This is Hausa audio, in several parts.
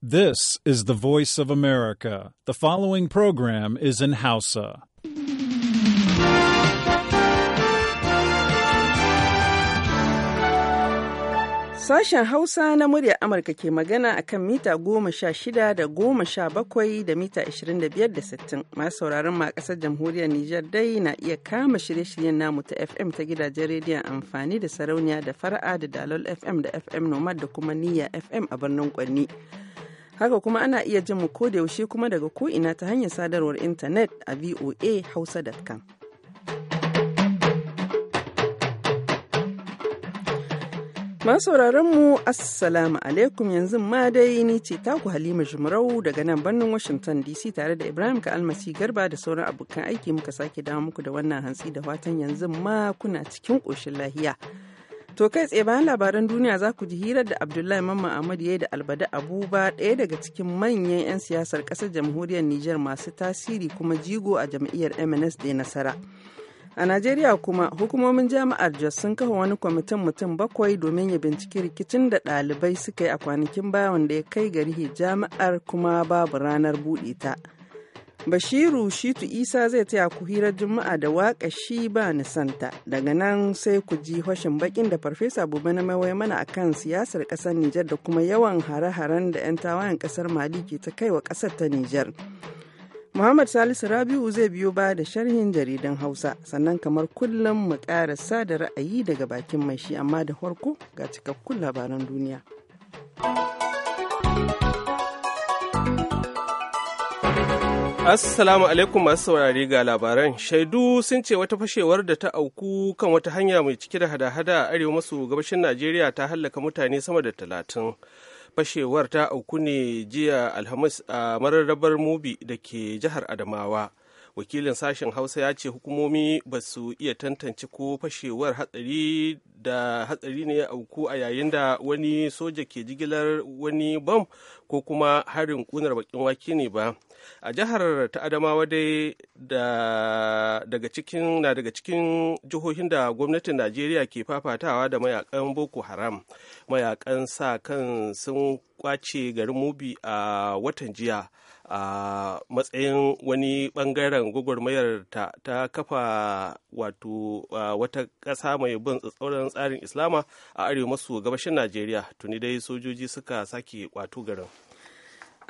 This is the voice of America. The following program is in Hausa. Sashen Hausa na muryar Amurka ke magana a kan mita goma sha shida da goma sha bakwai da mita ashirin da biyar da sittin. Masu sauraron ma ƙasar jamhuriyar Nijar dai na iya kama shirye-shiryen namu ta FM ta gidajen rediyon amfani da sarauniya da fara'a da dalol FM da FM Nomad da kuma niyya FM a birnin Kwanni. Haka kuma ana iya jin mu ko da yaushe kuma daga ko ina ta hanyar sadarwar intanet a voa voahausa.com. mu assalamu alaikum yanzu ma dai ni ce taku halima jimarau daga nan birnin washington dc tare da ibrahim ka almasi garba da sauran abokan aiki muka sake dawo muku da wannan hantsi da fatan yanzu ma kuna cikin ƙoshin lahiya To kai tsaye bayan labaran duniya za ku ji hirar da Abdullahi Mamman Ahmad ya da Albada Abuba ɗaya daga cikin manyan 'yan siyasar ƙasar jamhuriyar Nijar masu tasiri kuma jigo a jam'iyyar MNS da nasara. A Najeriya kuma hukumomin jami'ar Jos sun kafa wani kwamitin mutum bakwai domin ya binciki rikicin da ɗalibai suka yi a kwanakin baya wanda ya kai gari jami'ar kuma babu ranar buɗe ta. Bashiru Shitu Isa zai taya ku hirar Juma'a da waƙa shi ba santa Daga nan sai ku ji hoshin bakin da Farfesa Buba na mawai mana a kan siyasar ƙasar Nijar da kuma yawan hare-haren da 'yan tawayen ƙasar Mali ke ta kai wa ƙasar ta Nijar. Muhammad Salisu Rabiu zai biyo ba da sharhin jaridan Hausa, sannan kamar kullum mu ƙarasa da ra'ayi daga bakin mai shi amma da farko ga cikakkun labaran duniya. Assalamu alaikum masu saurari ga labaran. Shaidu sun ce wata fashewar da ta auku kan wata hanya mai cike da hada-hada a arewa maso gabashin Najeriya ta hallaka mutane sama da talatin. Fashewar ta auku ne jiya Alhamis a mararrabar Mubi da ke jihar Adamawa. wakilin sashen hausa ya ce hukumomi ba su iya tantance ko fashewar hatsari da hatsari ne ya auku a yayin da wani soja ke jigilar wani bam ko kuma harin kunar bakin wake ne ba a jihar ta adamawa dai na daga cikin jihohin da gwamnatin najeriya ke fafatawa da mayakan boko haram mayakan sa kan sun kwace garin mubi a watan jiya a matsayin wani bangaren gwagwarmayar ta, ta kafa wato wata ƙasa mai bin tsatsauran tsarin islama a arewa maso gabashin najeriya tuni dai sojoji suka sake kwato garin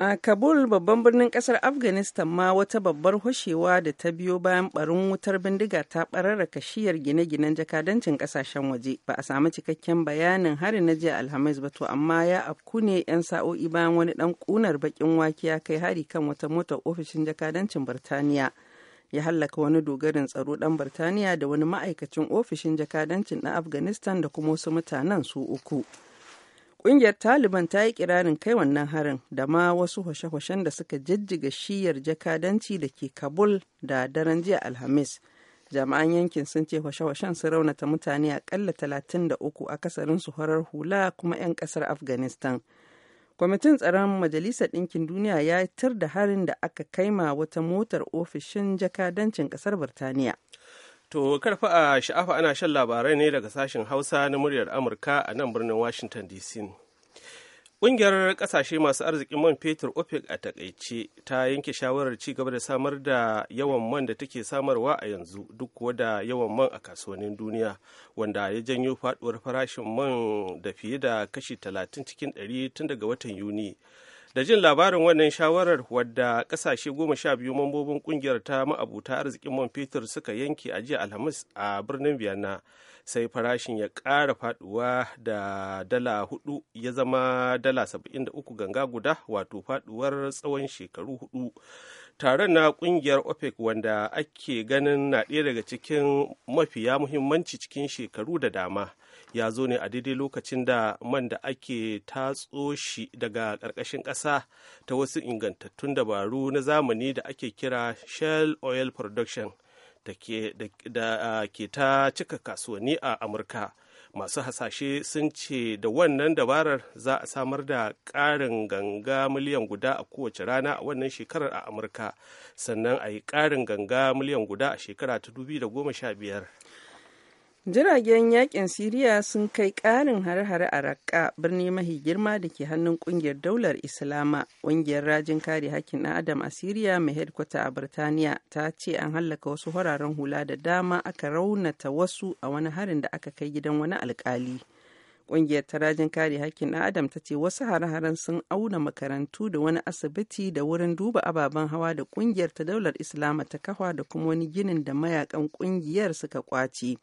A Kabul babban birnin kasar Afghanistan ma wata babbar hushewa da ta biyo bayan barin wutar bindiga ta barara kashiyar gine-ginen jakadancin kasashen waje. Ba a samu cikakken bayanin harin na jiya Alhamis ba to amma ya afku ne 'yan sa'o'i bayan wani dan kunar bakin wake ya kai hari kan wata mota ofishin jakadancin Birtaniya. Ya hallaka wani dogarin tsaro dan Birtaniya da wani ma'aikacin ofishin jakadancin na Afghanistan da kuma wasu mutanen su uku. Ƙungiyar Taliban ta yi kirarin kai wannan harin da ma wasu hwashe-hwashen da suka jijjiga shiyar jakadanci da ke Kabul da daren jiya Alhamis. Jami'an yankin sun ce hwashe-hwashen su raunata mutane akalla 33 akasarin su horar hula kuma 'yan kasar Afghanistan. Kwamitin tsaron Majalisar Ɗinkin Duniya ya tar da harin da aka kaima wata motar ofishin jakadancin ƙasar Birtaniya. To karfa a sha'afa ana shan labarai ne daga sashen Hausa na muryar Amurka a nan birnin Washington DC. Ƙungiyar ƙasashe masu arzikin man fetur OPEC a takaice ta yanke shawarar ci gaba da samar da yawan man da take samarwa a yanzu duk kuwa da yawan man a kasuwannin duniya wanda ya janyo faɗuwar farashin man da fiye da kashi 30 cikin 100 tun daga watan Yuni da jin labarin wannan shawarar wadda kasashe goma sha biyu mambobin kungiyar ta ma'abuta arzikin man fetur suka yanke a jiya alhamis a birnin vienna sai farashin ya ƙara faduwa da dala hudu ya zama dala saba'in da uku ganga guda wato faduwar tsawon shekaru hudu taron na kungiyar opec wanda ake ganin na ɗaya daga cikin mafiya muhimmanci cikin shekaru da dama ya zo ne a daidai lokacin da man da ake tatso shi daga ƙarƙashin ƙasa ta wasu ingantattun dabaru na zamani da ake kira shell oil production da ke ta cika kasuwanni a amurka masu hasashe sun ce da wannan dabarar za a samar da ƙarin ganga miliyan guda a kowace rana a wannan shekarar a amurka sannan a yi ƙarin ganga miliyan guda a shekara ta 2015 Jiragen yakin Siriya sun kai ƙarin hare-hare a Raqqa, birni mahi girma da ke hannun kungiyar daular Islama. Ƙungiyar rajin kare hakkin ɗan Adam a Siriya mai hedkwata a Birtaniya ta ce an hallaka wasu hararen hula da dama aka raunata wasu a wani harin da aka kai gidan wani alkali. Ƙungiyar ta rajin kare hakkin ɗan Adam ta ce wasu hare-haren sun auna makarantu da wani asibiti da wurin duba ababen hawa da ƙungiyar ta daular Islama ta kafa da kuma wani ginin da mayakan ƙungiyar suka kwace.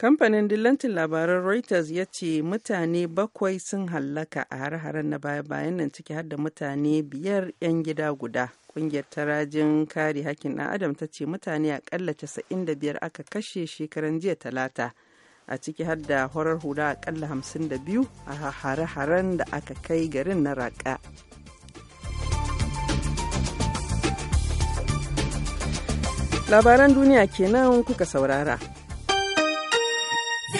Kamfanin dillancin labaran Reuters ya ce mutane bakwai sun hallaka a har-haren na baya-bayan nan ciki har da mutane biyar 'yan gida guda. Kungiyar tarajin kare hakkin ɗan Adam ta ce mutane akalla 95 aka kashe shekaran jiya talata. a ciki har da horar hula akalla 52 a har haren da aka kai garin na raka. Labaran duniya kenan kuka saurara. A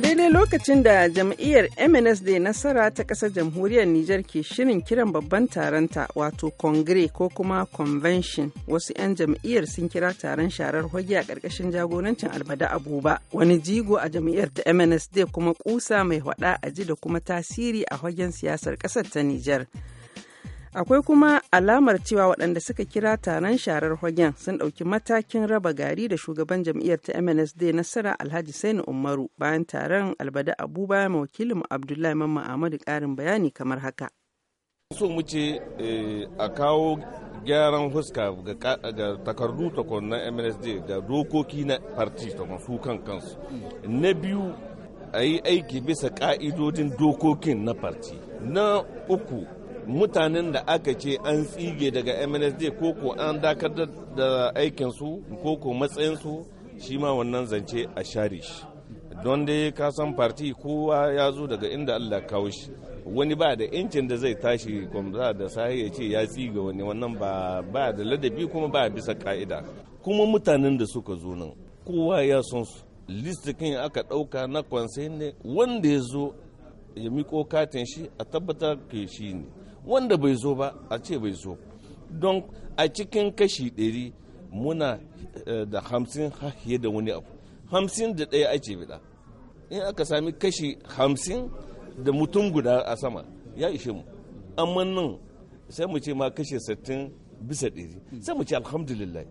daidai lokacin da jam'iyyar MNS da nasara ta ƙasar jamhuriyar Nijar ke shirin kiran babban taronta wato kongre ko kuma Convention wasu 'yan jam'iyyar sun kira taron sharar hoge a ƙarƙashin jagorancin Albada Abuba wani jigo a jam'iyyar ta MNS da kuma kusa mai hwada aji da kuma tasiri a hogen siyasar ƙasar ta Nijar. akwai kuma alamar cewa waɗanda suka kira taron sharar hagen sun ɗauki matakin raba gari da shugaban jam'iyyar ta mnsd nasara alhaji saini umaru bayan taron albada abuba wakilin abdullahi mamma ahmadu ƙarin bayani kamar haka so mu ce eh, a kawo gyaran huska ga takardu takon na mnsd ga dokoki na parti takon su kan kansu na biyu a yi aiki bisa ka'idodin dokokin na parti na uku mutanen da aka ce an tsige daga MNSD koko an dakatar da aikinsu koko matsayinsu shi ma wannan zance a shari shi. Don dai ka san farti kowa ya zo daga inda Allah kawo shi. Wani ba da incin da zai tashi kwamza da sahi ya ce ya tsige wani wannan ba ba da ladabi kuma ba bisa ka'ida. Kuma mutanen da suka zo nan kowa ya san su. listikin aka ɗauka na kwanse ne wanda ya zo ya miko katin shi a tabbatar ke shi ne wanda bai zo ba a ce bai zo don a cikin kashi ɗari muna eh, da hamsin fiye da wani abu hamsin da ɗaya ake bida in aka sami kashi hamsin da mutum guda a sama ya ishe mu amma nan sai mu ce ma kashi sittin bisa ɗari sai mu ce alhamdulillah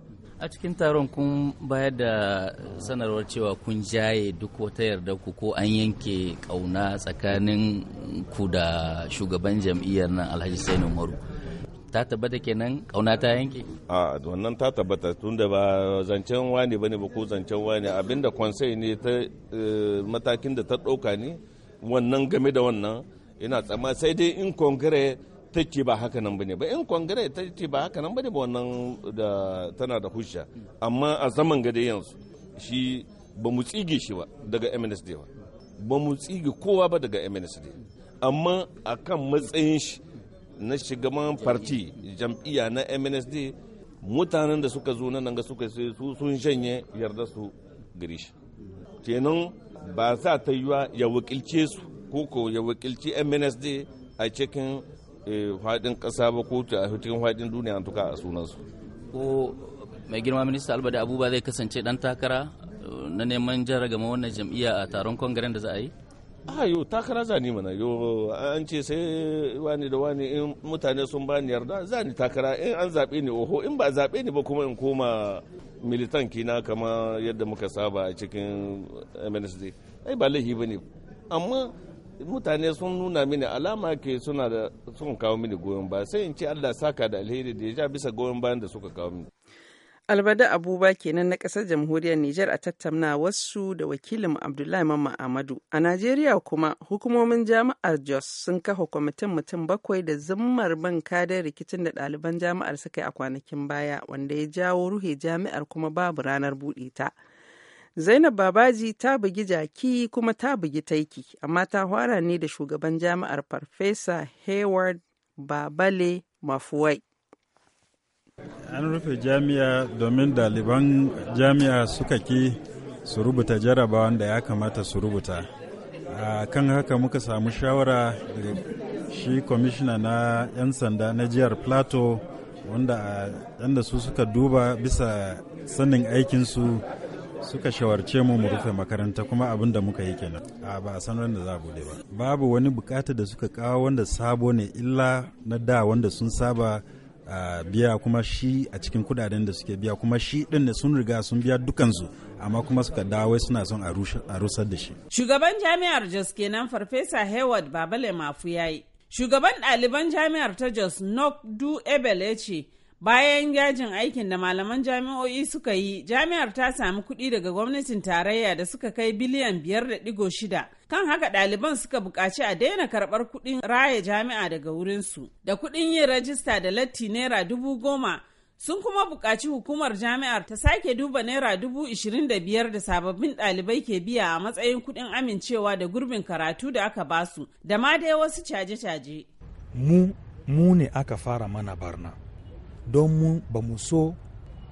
a cikin taron kun bayar da sanarwar cewa kun jaye duk wata yarda ku ko an yanke kauna tsakanin ku da shugaban jam'iyyar nan alhaji sani umaru ta tabbata kenan kauna ta yanke a wannan ta tabbata tun da ba zancen wani bane ba ko zancen wani abinda kwansai ne ta eh, matakin da ta ɗauka ne wannan game da wannan ina tsama sai dai in kongire ta ce ba haka nan bane ba in kongare ta ce ba haka nan bane ba wannan da tana da hujja amma a zaman gade yanzu shi ba mu tsige shi ba daga MNSD ba ba mu tsige kowa ba daga MNSD amma akan matsayin shi na shigaban farti jam'iyya na MNSD mutanen da suka zo nan ga suka sai su sun shanye yarda su gari shi kenan ba sa ta yiwa ya wakilce su ko ko ya wakilci MNSD a cikin Eh, faɗin ƙasa ba ko ta cikin faɗin duniya an tuka a sunansu. Ko mai girma minista da Abuba zai kasance ɗan takara eh, na neman gama wannan jam'iyya a taron kongaren da za a yi? a ah, yo takara za ni mana yo an ce sai wani da wani in mutane sun bani yarda za ni takara in an zaɓe ni oho in ba zaɓe ni ba kuma in koma militan kina kama yadda muka saba a cikin mnsd ai ba laihi ba ne amma mutane sun nuna mini alama ke suna da sun kawo mini goyon baya sai in ce Allah saka da alheri da ya ja bisa goyon bayan da suka kawo mini albada abuba kenan na ƙasar jamhuriyar nijar a tattauna wasu da wakilin abdullahi mamma ahmadu a najeriya kuma hukumomin jami'ar jos sun kafa kwamitin mutum bakwai da zimmar ban kadar rikicin da ɗaliban jami'ar suka yi a kwanakin baya wanda ya jawo ruhe jami'ar kuma babu ranar buɗe ta Zainab Babaji ta bugi jaki kuma ta bugi taiki, amma ta hwara ne da shugaban jami'ar Farfesa Hayward Babale Mafuwai. An rufe jami'a domin ɗaliban jami'a suka ki su rubuta jarabawan da ya kamata su rubuta. A kan haka muka samu shawara daga shi kwamishina na 'yan sanda na jihar Plateau wanda su suka duba bisa sanin aikinsu suka shawarce mu mu rufe makaranta kuma abin da muka yi kenan a ba a san da za a bude ba babu wani bukata da suka kawo wanda sabo ne illa na da wanda sun saba a biya kuma shi a cikin kudaden da suke biya kuma shi din da sun riga sun biya dukansu amma kuma suka dawo suna son a rusar da shi shugaban jami'ar jos kenan farfesa hayward babale mafu yayi shugaban ɗaliban jami'ar ta jos nok du ebel ya ce Bayan yajin aikin da malaman jami'o'i suka yi, jami'ar ta sami kuɗi daga gwamnatin tarayya da suka kai biliyan biyar da digo shida. Kan haka ɗaliban suka buƙaci a daina karɓar kuɗin raya jami'a daga wurinsu. Da kuɗin yin rajista da latti naira dubu goma sun kuma buƙaci hukumar jami'ar ta sake duba naira dubu ishirin da biyar da sababbin ɗalibai ke biya a matsayin kuɗin amincewa da gurbin karatu da aka basu da ma dai wasu caje-caje. Mu, mu ne aka fara mana barna. don mu ba mu so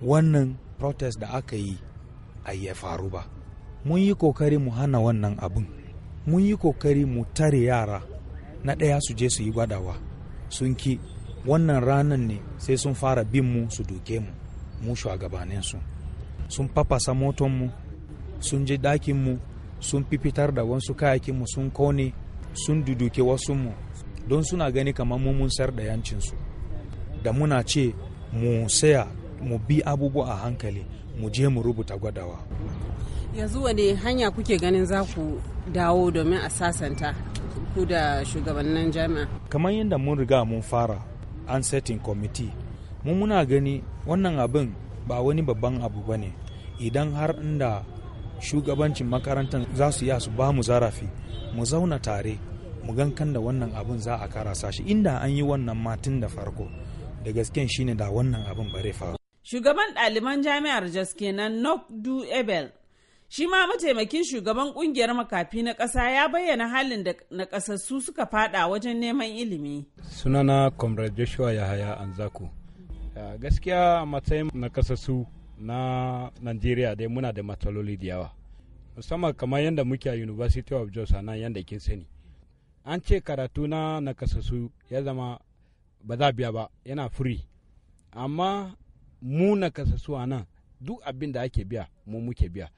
wannan protest da aka yi a ya faru ba mun yi kokari mu hana wannan abin mun yi kokari mu tare yara na ɗaya su je su yi gwadawa sun ki wannan ranan ne sai sun fara bin mu su duke mu mu shugabanin su sun fafasa moton sun je ɗakin mu sun fifitar da wasu kayakin mu sun kone sun duduke wasu mu don suna gani kamar mun sar da yancinsu da muna ce mu saya mu bi abubuwa a hankali mu je mu rubuta gwadawa yanzu wane hanya kuke ganin za ku dawo domin a sasanta ku da shugabannin jami'a kamar yadda mun riga mun fara an setting committee mun muna gani wannan abin ba wani babban abu ba ne idan har inda shugabancin makarantar za su iya su ba mu zarafi mu zauna tare mu gankan da wannan abin za a karasa shi inda an yi wannan matin da farko da gasken shine da wannan abin bare faru shugaban ɗaliban jami'ar jos kenan nok du ebel shi ma mataimakin shugaban kungiyar makafi na ƙasa ya bayyana halin da nakasassu suka fada wajen neman ilimi sunana comrade joshua yahaya anzaku gaskiya matsayin nakasassu na Najeriya dai muna da matsaloli da yawa musamman kamar yadda muke a university of jos nan yadda kin sani an ce karatu na nakasassu ya zama ba za biya ba yana free amma mu na kasasuwa nan duk abin da ake biya mu muke biya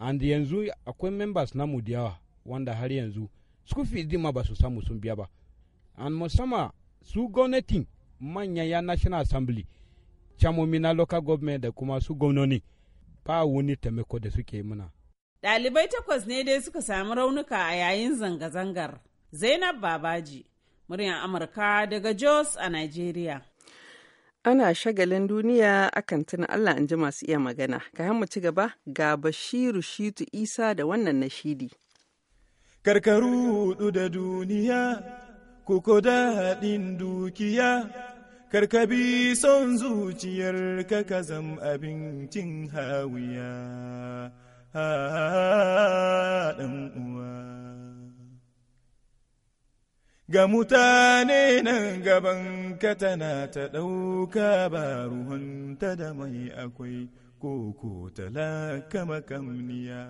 and yanzu akwai members na mu yawa wanda har yanzu school fees din ma ba su samu sun biya ba and musamman su gwamnatin manyan ya national assembly chamomi na local government da kuma su gwamnoni ba wani taimako da suke muna ɗalibai takwas ne dai suka sami raunuka a yayin zanga-zangar zainab babaji muryar Amurka daga Jos a Najeriya. Ana shagalin duniya akan tuna Allah in ji masu iya magana. Ka mu ci gaba ga Bashiru Shitu Isa da wannan nashidi. Karkaru hudu da duniya, kuko daɗin dukiya, karkabi son zuciyar ka ka zam abincin hawiya. Ha, ha, ha, uwa. ga mutane nan gaban ka tana ta ɗauka ba ruhunta da mai akwai koko talaka makamniya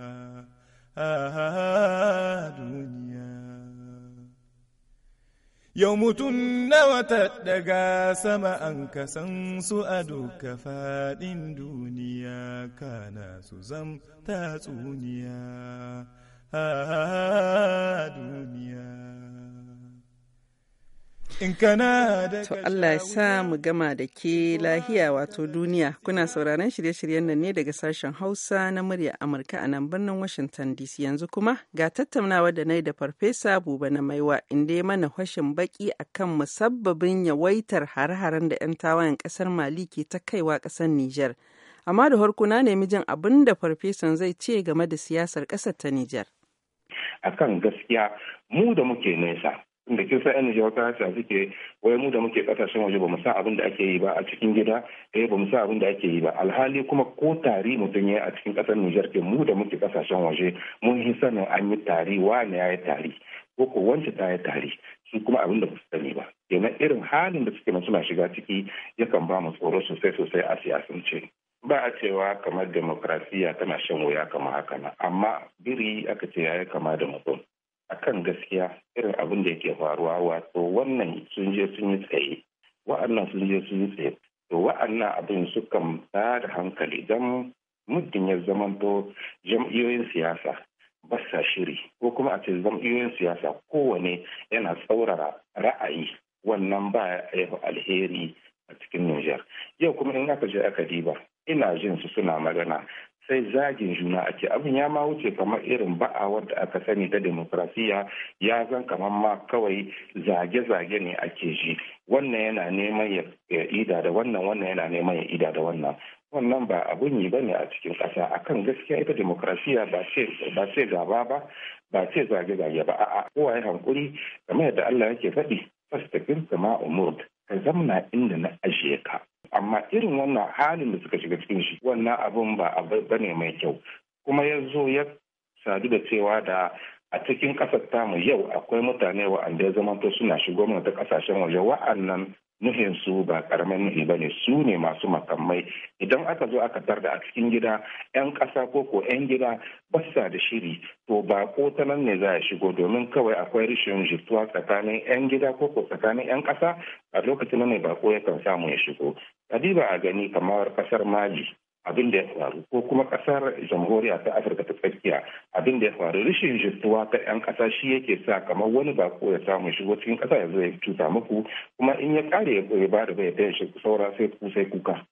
a duniya yau mutum nawa ta daga sama an kasan su a duka faɗin duniya kana su zam tatsuniya a duniya To Allah ya sa mu gama da ke lahiya wato duniya. Kuna sauraron shirye-shiryen nan ne daga sashen Hausa na murya Amurka a nan birnin Washington DC yanzu kuma ga tattaunawa da nai da Farfesa Buba na Maiwa inda ya mana hashin baki akan musabbabin yawaitar hare-haren da 'yan tawayen ƙasar Mali ke ta kaiwa ƙasar Nijar. Amma da harko na nemi jin abin da farfesan zai ce game da siyasar kasar ta Nijar. Akan gaskiya mu da muke nesa da kin san yan wata hasa suke wai mu da muke kasashen waje bamu sa abin da ake yi ba a cikin gida eh bamu sa abin da ake yi ba alhali kuma ko tari mutum ya a cikin kasar Nijar ke mu da muke kasashen waje mun yi sanin an yi tari wani ya yi tari ko ko wance ta yi tari su kuma abin da ba su sani ba kenan irin halin da suke suna shiga ciki yakan ba mu tsoro sosai sosai a siyasance ba a cewa kamar demokrasiya tana shan wuya kamar haka amma biri aka ce ya yi kama da mutum akan gaskiya irin abin da yake faruwa wato wannan sun je sun yi tsaye wa'annan sun je sun yi tsaye to wa'annan abin sukan ba da hankali don muddin ya zamanto jam'iyyoyin siyasa ba sa shiri ko kuma a ce jam'iyoyin siyasa kowane yana tsaurara ra'ayi wannan ba ya alheri a cikin Nijar. Yau kuma in aka je aka diba ina jin su suna magana sai zagin juna ake abin ya ma wuce kamar irin ba'a wadda aka sani ta demokrasiya ya zan kamar ma kawai zage-zage ne ake ji wannan yana neman ya ida da wannan wannan yana neman ya ida da wannan wannan ba abun yi ne a cikin ƙasa akan gaskiya ita demokrasiya ba ce gaba ba ba ce zage-zage ba a'a kowa ya hankuri kamar yadda Allah yake faɗi fastafin sama umurd ka na inda na ajiye ka amma irin wannan halin da suka shiga cikin shi wannan abun ba abu bane mai kyau kuma ya zo ya sadu da cewa da a cikin ƙasar tamu yau akwai mutane wa'anda ya to suna shigo mana ta ƙasashen waje wa'annan nuhinsu ba ƙaramin nuhi ba ne su ne masu makamai idan aka zo aka tar da a cikin gida 'yan ƙasa ko ko 'yan gida basa da shiri to ba ko ta nan ne za a shigo domin kawai akwai rashin jituwa tsakanin 'yan gida ko ko tsakanin 'yan ƙasa a lokacin ne ba ko yakan samu ya shigo adiba a gani kamar ƙasar mali abin da ya faru ko kuma kasar jamhuriya ta afirka ta tsakiya abin da ya faru rashin jituwa ta yan kasa shi yake sa kamar wani bako ya samu shigo cikin kasa ya zo ya cuta muku kuma in ya kare ya ba da bai ta shi saura sai ku sai kuka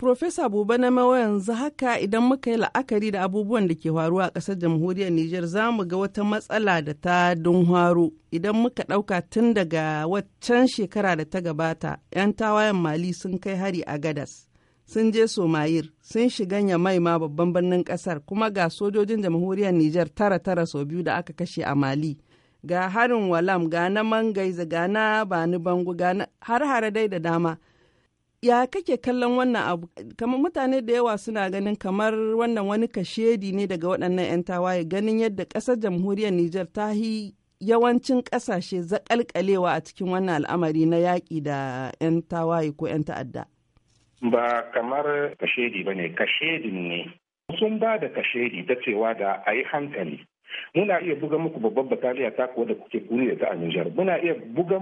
Profesa Buba na mawa yanzu haka idan muka yi la'akari da abubuwan da ke faruwa a ƙasar jamhuriyar Nijar za mu ga wata matsala da ta dunhwaro idan muka ɗauka tun daga waccan shekara da ta gabata 'yan tawayen Mali sun kai hari a Gadas. Sun je Somayir, sun shiga Yamai ma babban birnin ƙasar kuma ga sojojin jamhuriyar Nijar tara tara sau biyu da aka kashe a Mali. Ga harin Walam, ga na Mangaiza, ga na Bani Bango, ga har dai da dama. ya kake kallon wannan abu kamar mutane da yawa suna ganin kamar wannan wani kashedi ne daga waɗannan 'yan tawaye ganin yadda ƙasar jamhuriyar Nijar ta yi yawancin ƙasashe zaƙalƙalewa a cikin wannan al'amari na yaƙi da 'yan tawaye ko 'yan ta'adda. Ba kamar kashedi ba ne, kashedin ne. Sun ba da kashedi ta cewa da a yi hankali. muna iya buga muku babban bataliya ta kuwa da kuke kuri da ta a Nijar muna iya buga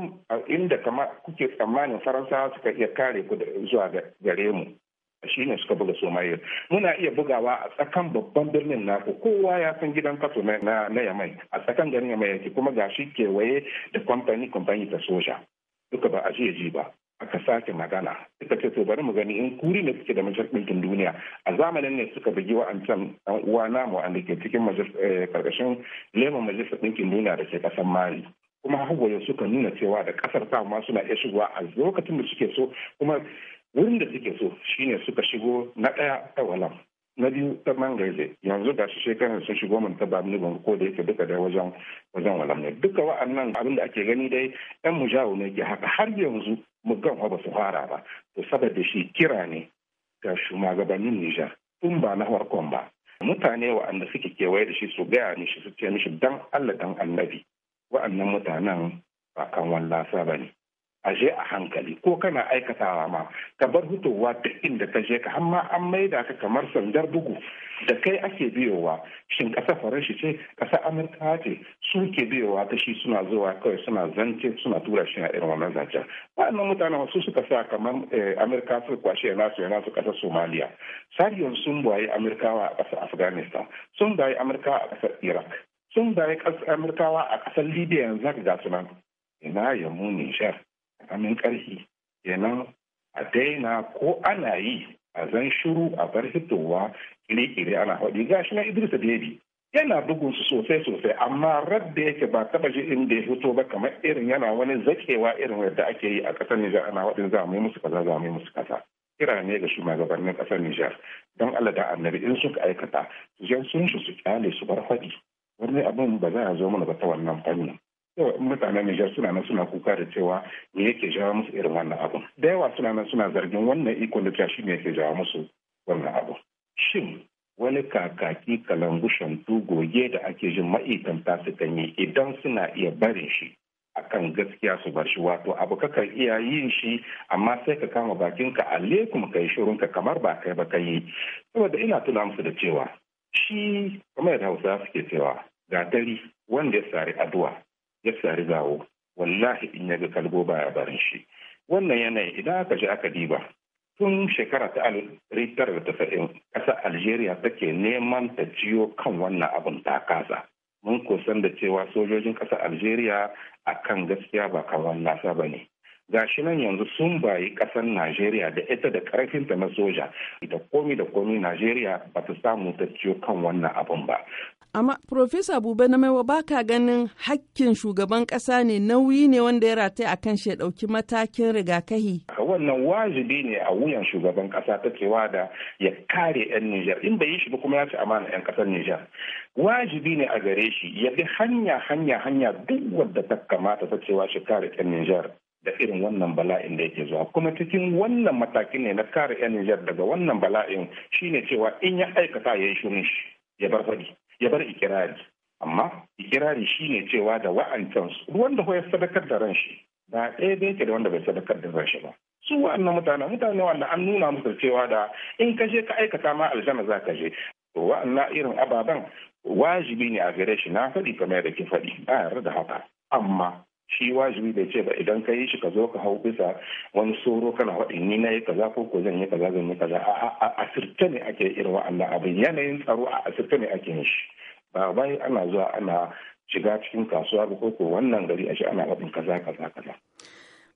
inda kama kuke tsammanin Faransa suka iya kare ku zuwa gare mu shi ne suka buga Somaliya muna iya bugawa a tsakan babban birnin naku kowa ya san gidan kaso na Yamai a tsakan garin Yamai yake kuma ga gashi kewaye da kwamfani kwamfani ta soja duka ba a ji ba aka sake magana suka ce to bari mu gani in kuri ne suke da majalisar ɗinkin duniya a zamanin ne suka bugi wa'ancan ɗan uwa namu wanda ke cikin karkashin eh, leman majalisar ɗinkin duniya da ke ƙasar mali kuma hawaye suka nuna cewa da ƙasar ta ma suna iya shigowa a lokacin da suke so kuma wurin da suke so shine suka shigo na ɗaya ta walam na biyu ta mangaize yanzu ga shi shekarar sun shigo mun ta bamini ban ko da yake duka da wajen wajen walam ne duka wa'annan abin da ake gani dai yan mujawu ne ke haka har yanzu muggan ba su fara ba to saboda shi kira ne ga shugabannin Nijar tun ba na farkon ba mutane wa'anda suke kewaye da shi su gaya mishi su ce mishi dan Allah dan annabi wa'annan mutanen ba kan wallasa ba ne a je a hankali ko kana aikatawa ma ka bar hutowa da inda ka je ka amma an maida ka kamar sandar bugu da kai ake biyowa shin ƙasa faranshi ce ƙasa amurka ce su ke biyowa ta shi suna zuwa kawai suna zance suna tura shi a irin wannan zancen wa'annan mutanen su suka sa kamar eh, amurka su kwashe nasu yana su kasa somaliya sariyon sun bayi amurkawa a ƙasar afghanistan sun bayi amurkawa a ƙasar iraq sun bayi amurkawa a ƙasar libya yanzu ga nan ina ya muni shar tsakanin ƙarfi kenan a daina ko ana yi a zan shiru a bar fitowa kire-kire ana faɗi gashi na idris debi yana bugun su sosai sosai amma rad da yake ba taba ji inda ya fito ba kamar irin yana wani zakewa irin yadda ake yi a ƙasar Nijar ana waɗin za mu yi musu kaza za mu yi musu kaza kira ne ga shugabannin ƙasar Nijar don Allah da annabi in suka aikata su jan sun shi su kyale su bar faɗi wani abin ba za a zo mana ba ta wannan fannin mutanen Nijar suna nan suna kuka da cewa me yake jawo musu irin wannan abu. Da yawa suna nan suna zargin wannan ikon da shi ne yake jawo musu wannan abu. Shin wani kakaki kalangu shantu goge da ake jin ma'aikanta kan yi idan suna iya barin shi akan gaskiya su bar shi wato abu kan iya yin shi amma sai ka kama bakin ka bakinka alaikum yi shirinka kamar ba kai ba ka yi saboda ina tuna musu da cewa shi kamar yadda hausa suke cewa gatari wanda ya sari addu'a ya sari zawo wallahi in ya ga kalbo baya barin shi wannan yanayi idan aka je aka diba tun shekara ta alif tara da tafa'in ƙasar algeria take neman ta ciyo kan wannan abin ta kasa mun san da cewa sojojin ƙasar algeria akan gaskiya ba kan wannan ba ne gashi nan yanzu sun bayi kasar najeriya da ita da karfinta na soja da komi da komi najeriya ba ta samu ta ciyo kan wannan abun ba amma profesa bube na maiwa ba ka ganin hakkin shugaban kasa ne nauyi ne wanda ya rataya kan shi ya ɗauki matakin rigakahi wannan wajibi ne a wuyan shugaban kasa ta cewa da ya kare 'yan nijar in bai yi shi ba kuma ya ci amana 'yan kasar nijar wajibi ne a gare shi ya bi hanya hanya hanya duk wadda ta kamata ta cewa shi kare 'yan nijar da irin wannan bala'in da yake zuwa kuma cikin wannan matakin ne na kare yan Nijar daga wannan bala'in shine cewa in ya aikata ya yi shirin shi ya bar fadi ya bar ikirari amma ikirari shine cewa da wa'ancan wanda ya sadakar da ran shi ba ɗaya da yake da wanda bai sadakar da ran shi ba su wa'annan mutane mutane wanda an nuna musu cewa da in ka je ka aikata ma aljanna za ka je to wa'annan irin ababen wajibi ne a gare shi na faɗi kamar da ke faɗi ba yarda da haka amma shi wajibi bai ce ba idan ka yi shi ka zo ka hau bisa wani tsoro kana faɗin ni na yi kaza ko ko zan yi kaza zan yi kaza a asirta ne ake irin wa'annan abin yanayin tsaro a asirta ne ake yin shi ba bai ana zuwa ana shiga cikin kasuwa ba ko ko wannan gari a shi ana waɗin kaza kaza kaza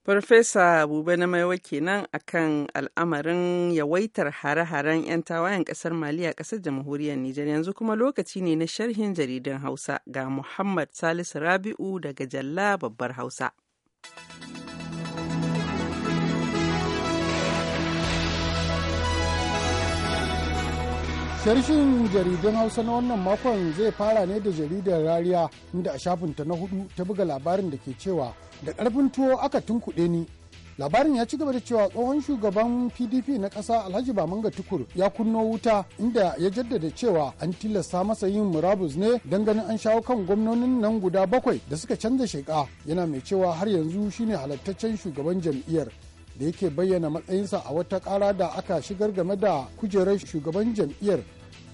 Farfesa Bube na Maiwa kenan akan al'amarin yawaitar hare-haren 'yan tawayen ƙasar Mali a ƙasar jamhuriyar Nijar yanzu kuma lokaci ne na sharhin jaridan Hausa ga Muhammad Salisu Rabi'u daga Jalla babbar Hausa. Sharshin jaridun Hausa na wannan makon zai fara ne da jaridar rariya inda a shafinta na hudu ta buga labarin da ke cewa da ƙarfin tuwo aka tunkuɗe ni labarin ya ci gaba da cewa tsohon shugaban pdp na ƙasa alhaji bamanga tukur ya kunno wuta inda ya jaddada cewa an tilasta masa yin murabus ne don ganin an shawo kan gwamnonin nan guda bakwai da suka canza sheka yana mai cewa har yanzu shine halattaccen shugaban jam'iyyar da yake bayyana matsayinsa a wata kara da aka shigar game da kujerar shugaban jam'iyyar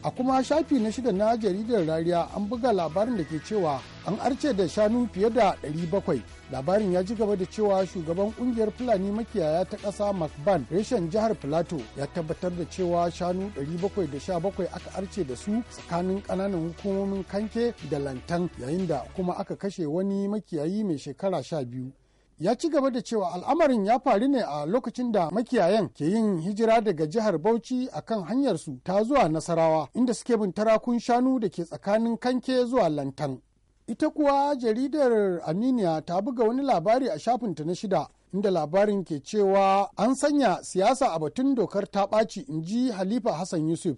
a kuma shafi na shida na jaridar rariya an buga labarin da ke cewa an arce da shanu fiye da 700 labarin ya ji gaba da cewa shugaban kungiyar fulani makiyaya ta ƙasa macban reshen jihar plateau ya tabbatar da cewa shanu 717 aka arce da su tsakanin ƙananan hukumomin kanke da lantan yayin da kuma aka kashe wani makiyayi mai shekara sha biyu. ya ci gaba da cewa al'amarin ya faru ne a lokacin da makiyayan ke yin hijira daga jihar Bauchi a kan hanyarsu ta zuwa Nasarawa inda suke bin tarakun shanu da ke tsakanin Kanke zuwa Lantan. Ita kuwa jaridar Aminiya ta buga wani labari a shafinta na shida inda labarin ke cewa an sanya siyasa a batun dokar ta ɓaci in ji Halifa Hassan Yusuf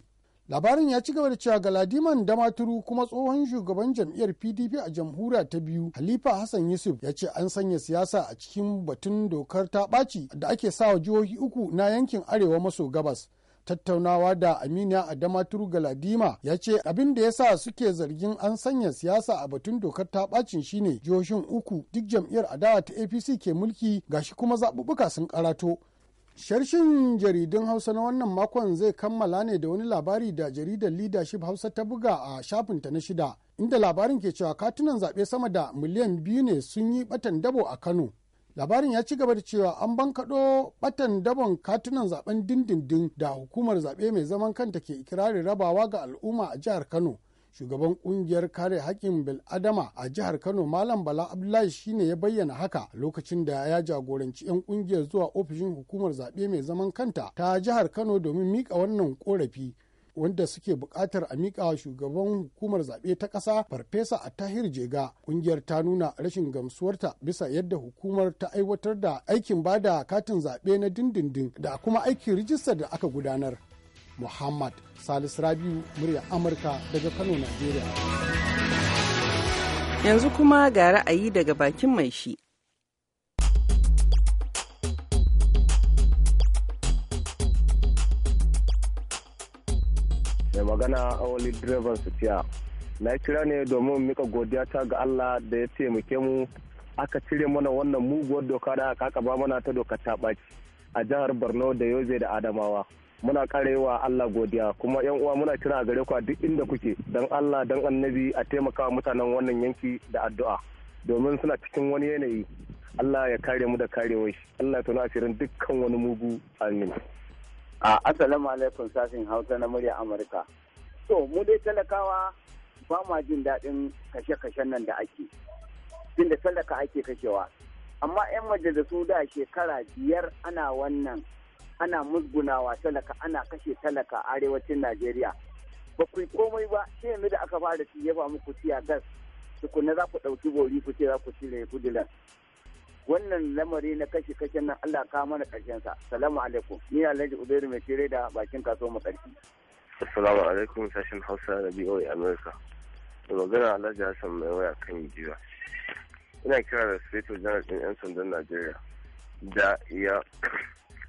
labarin ya ci gaba da cewa galadiman damaturu kuma tsohon shugaban jam'iyyar pdp a jamhuriya ta biyu halifa hassan yusuf ya ce an sanya siyasa a cikin batun dokar ta ɓaci da ake sawa jihohi uku na yankin arewa maso gabas tattaunawa da aminiya a damaturu galadima ya ce abin da ya sa suke zargin an sanya siyasa a batun dokar ta ɓacin shine jihohin uku duk jam'iyyar adawa ta apc ke mulki gashi kuma zaɓuɓɓuka sun karato Sharshin jaridun Hausa na wannan makon zai kammala ne da wani labari da jaridar Leadership Hausa ta buga a shafinta na shida, inda labarin ke cewa katunan zaɓe sama da miliyan biyu ne sun yi batan dabo a Kano. Labarin ya ci gaba da cewa an bankaɗo batan dabon katunan zaɓen dindindin da hukumar zaɓe mai zaman kanta ke ikirarin rabawa ga al'umma a jihar Kano. shugaban kungiyar kare haƙƙin bil'adama a jihar kano malam bala abdullahi shine ya bayyana haka lokacin da ya jagoranci 'yan kungiyar zuwa ofishin hukumar zaɓe mai zaman kanta ta jihar kano domin miƙa wannan ƙorafi wanda suke buƙatar a miƙa shugaban hukumar zaɓe ta ƙasa farfesa a tahir jega ƙungiyar ta nuna rashin gamsuwarta bisa yadda hukumar ta aiwatar da aikin bada katin zaɓe na dindindin da kuma aikin rijistar da aka gudanar Muhammad Salis Rabiu murya Amurka daga Kano, Najeriya. Yanzu kuma ga ra'ayi daga bakin mai shi. Mai magana wani Direban Sutiya. Na kira ne domin mika godiya ta ga Allah da ya taimake mu aka cire mana wannan muguwar doka da aka ba mana ta doka ta ɓaci a jihar Borno da Yobe da Adamawa. muna karewa Allah godiya kuma yan uwa muna kira gare ku duk inda kuke dan Allah dan annabi a taimaka mutanen wannan yanki da addu'a domin suna cikin wani yanayi Allah ya kare mu da karewar shi Allah ya tona asirin dukkan wani mugu amin a assalamu alaikum sashin Hausa na murya Amurka to mu dai talakawa ba ma jin daɗin kashe-kashen nan da ake tunda talaka ake kashewa amma 'yan majalisu da shekara biyar ana wannan ana musgunawa talaka ana kashe talaka a arewacin najeriya ba ku komai ba sai yanzu da aka fara shi ya ba muku gas tukunna za ku ɗauki bori ku ce za ku cire kudilan wannan lamari na kashe kashen nan Allah ka mana ƙarshen sa salamu alaikum ni Alhaji Uzairu mai cire da bakin kaso makarfi assalamu alaikum Sashen Hausa da BOA America da magana Alhaji Hassan mai waya kan jiya ina kira da Secretary General ɗin 'yan sandan Najeriya da iya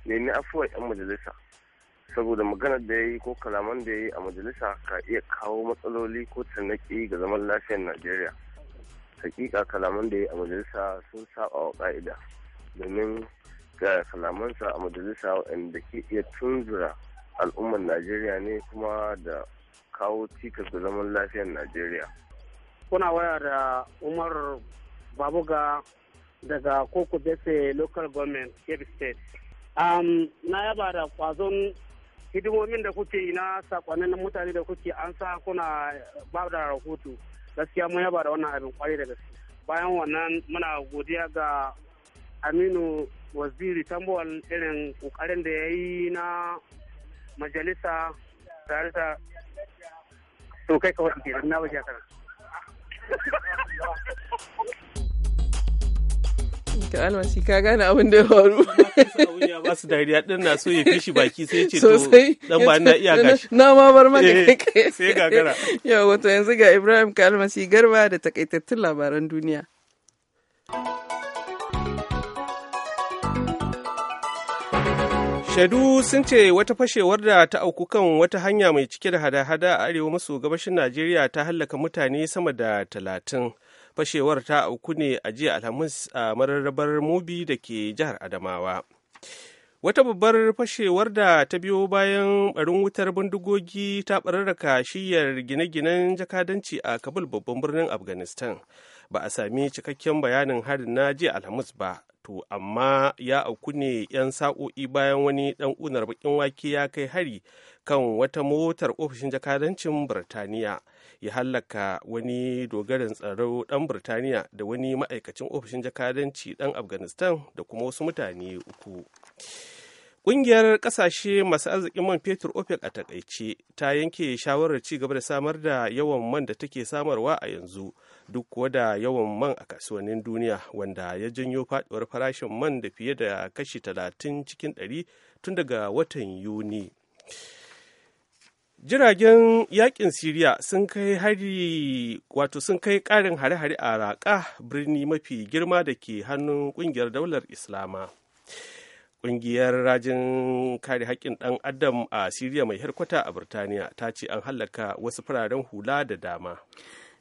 nemi afuwa 'yan majalisa saboda maganar da ya yi ko kalaman da ya yi a majalisa ka iya kawo matsaloli ko tsanaki ga zaman lafiyar najeriya hakika kalaman da ya yi a majalisa sun sabawa wa ka'ida domin ga kalamansa a majalisa waɗanda ke iya tunzura al'ummar najeriya ne kuma da kawo cikas ga zaman lafiyar najeriya kuna waya da umar babuga daga koko local government kebbi state na yaba da kwazon hidimomin da kuke yi na sakonnin mutane da kuke an sa kuna ba da rahoto gaskiya mun yaba da wannan abin kwari da gaske bayan wannan muna godiya ga aminu waziri tambawal irin kokarin da ya yi na majalisa tare da to kai kawai na wajen To almasi ka gane abin da ya faru. Ya ba su dariya ɗin na so ya fishi baki sai ce to dan ba na iya gashi. Na ma bar maka eh, kai sai gagara. Yau wato yanzu ga Ibrahim ka almasi garba da takaitattun labaran duniya. shadu sun ce wata fashewar da ta auku kan wata hanya mai cike da hada-hada a arewa maso gabashin Najeriya ta hallaka mutane sama da talatin. fashewar ta auku ne a jiya alhamis a mararrabar mubi da ke jihar adamawa wata babbar fashewar da ta biyo bayan barin wutar bindigogi ta bararraka shiyar gine-ginen jakadanci a kabul babban birnin afghanistan ba a sami cikakken bayanin harin na jiya alhamis ba to amma ya auku ne 'yan sa'o'i bayan wani dan unar bakin wake ya kai hari kan wata motar ofishin jakadancin birtaniya ya hallaka wani dogarin tsaro dan birtaniya da wani ma'aikacin ofishin jakadanci dan Afghanistan da kuma wasu mutane uku. Ƙungiyar kasashe masu arzikin man fetur OPEC a takaice ta yanke shawarar ci gaba da samar da yawan man da take samarwa a yanzu duk kuwa da yawan man a kasuwannin duniya wanda ya janyo faduwar farashin man da fiye da kashi 30 cikin 100 tun daga watan Yuni. jiragen yakin siriya sun kai hari wato sun kai karin hare-hare a raƙa birni mafi girma da ke hannun ƙungiyar daular islama ƙungiyar rajin kare haƙƙin ɗan adam a siriya mai harkwata a birtaniya ta ce an hallaka wasu fararen hula da dama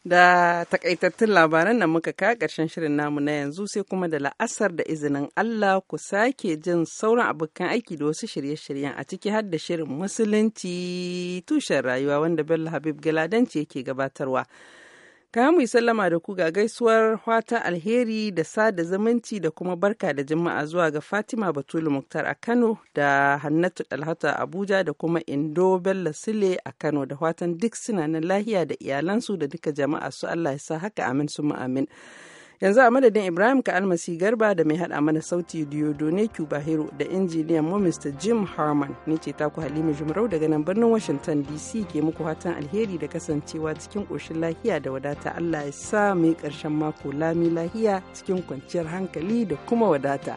da takaitattun labaran nan muka ka ƙarshen shirin namu na yanzu sai kuma da la'asar da izinin Allah ku sake jin sauran abokan aiki da wasu shirye-shiryen a ciki har da shirin musulunci tushen rayuwa wanda Bello Habib Galadanci yake gabatarwa. Ka mu sallama da ku ga gaisuwar fata alheri da sada zumunci da kuma barka da jama'a zuwa ga Fatima Batulu Muktar a Kano da Hannatu Dalhata Abuja da kuma Indo Bello Sile a Kano da fatan duk suna nan lahiya da iyalansu da duka jama'a su Allah ya sa haka amin su amin. yanzu a madadin ibrahim ka almasi garba da mai hada mana sauti diodone hero da injiniyan mu mr jim harman ni ce taku halima jumrau daga nan birnin washington dc ke muku hatan alheri da kasancewa cikin koshin lahiya da wadata allah ya sa mai karshen mako lami lahiya cikin kwanciyar hankali da kuma wadata